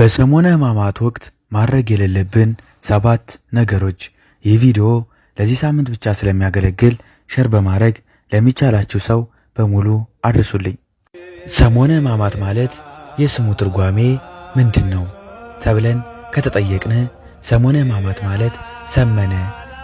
በሰሞነ ሕማማት ወቅት ማድረግ የሌለብን ሰባት ነገሮች። ይህ ቪዲዮ ለዚህ ሳምንት ብቻ ስለሚያገለግል ሸር በማድረግ ለሚቻላችሁ ሰው በሙሉ አድርሱልኝ። ሰሞነ ሕማማት ማለት የስሙ ትርጓሜ ምንድን ነው ተብለን ከተጠየቅን ሰሞነ ሕማማት ማለት ሰመነ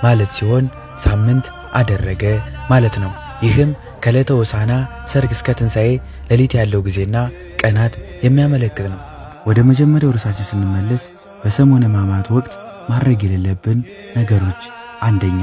ማለት ሲሆን ሳምንት አደረገ ማለት ነው። ይህም ከዕለተ ሆሳዕና ሰርግ እስከ ትንሣኤ ሌሊት ያለው ጊዜና ቀናት የሚያመለክት ነው። ወደ መጀመሪያው ርዕሳችን ስንመለስ በሰሞነ ሕማማት ወቅት ማድረግ የሌለብን ነገሮች፣ አንደኛ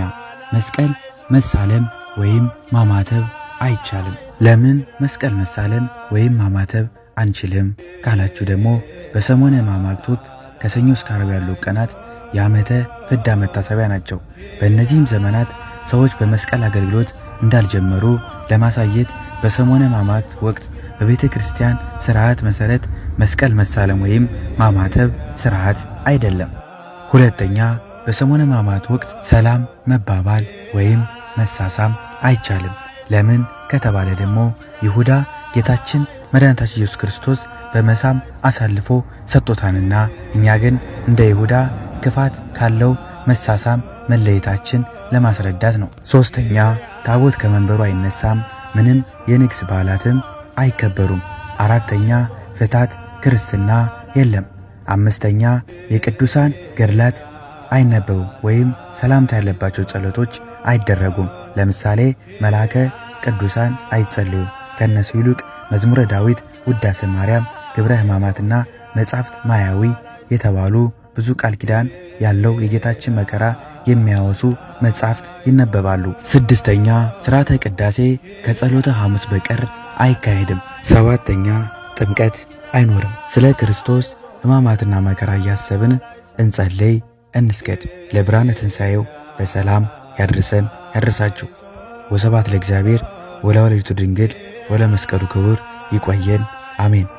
መስቀል መሳለም ወይም ማማተብ አይቻልም። ለምን መስቀል መሳለም ወይም ማማተብ አንችልም ካላችሁ ደግሞ በሰሞነ ሕማማት ወቅት ከሰኞ እስከ ዓርብ ያሉ ቀናት የዓመተ ፍዳ መታሰቢያ ናቸው። በእነዚህም ዘመናት ሰዎች በመስቀል አገልግሎት እንዳልጀመሩ ለማሳየት በሰሞነ ሕማማት ወቅት በቤተ ክርስቲያን ሥርዓት መሠረት መስቀል መሳለም ወይም ማማተብ ስርዓት አይደለም። ሁለተኛ በሰሞነ ሕማማት ወቅት ሰላም መባባል ወይም መሳሳም አይቻልም። ለምን ከተባለ ደግሞ ይሁዳ ጌታችን መድኃኒታችን ኢየሱስ ክርስቶስ በመሳም አሳልፎ ሰጥቶታንና እኛ ግን እንደ ይሁዳ ክፋት ካለው መሳሳም መለየታችን ለማስረዳት ነው። ሦስተኛ ታቦት ከመንበሩ አይነሳም፣ ምንም የንግስ በዓላትም አይከበሩም። አራተኛ ፍታት ክርስትና የለም። አምስተኛ የቅዱሳን ገድላት አይነበቡም ወይም ሰላምታ ያለባቸው ጸሎቶች አይደረጉም። ለምሳሌ መላከ ቅዱሳን አይጸልዩም። ከእነሱ ይልቅ መዝሙረ ዳዊት፣ ውዳሴ ማርያም፣ ግብረ ሕማማትና መጻሕፍት ማያዊ የተባሉ ብዙ ቃል ኪዳን ያለው የጌታችን መከራ የሚያወሱ መጻሕፍት ይነበባሉ። ስድስተኛ ሥርዓተ ቅዳሴ ከጸሎተ ሐሙስ በቀር አይካሄድም። ሰባተኛ ጥምቀት አይኖርም። ስለ ክርስቶስ ሕማማትና መከራ እያሰብን እንጸልይ፣ እንስገድ። ለብርሃነ ትንሣኤው በሰላም ያድርሰን ያድርሳችሁ። ወሰባት ለእግዚአብሔር ድንግድ ድንግል ወለመስቀሉ ክቡር። ይቆየን። አሜን።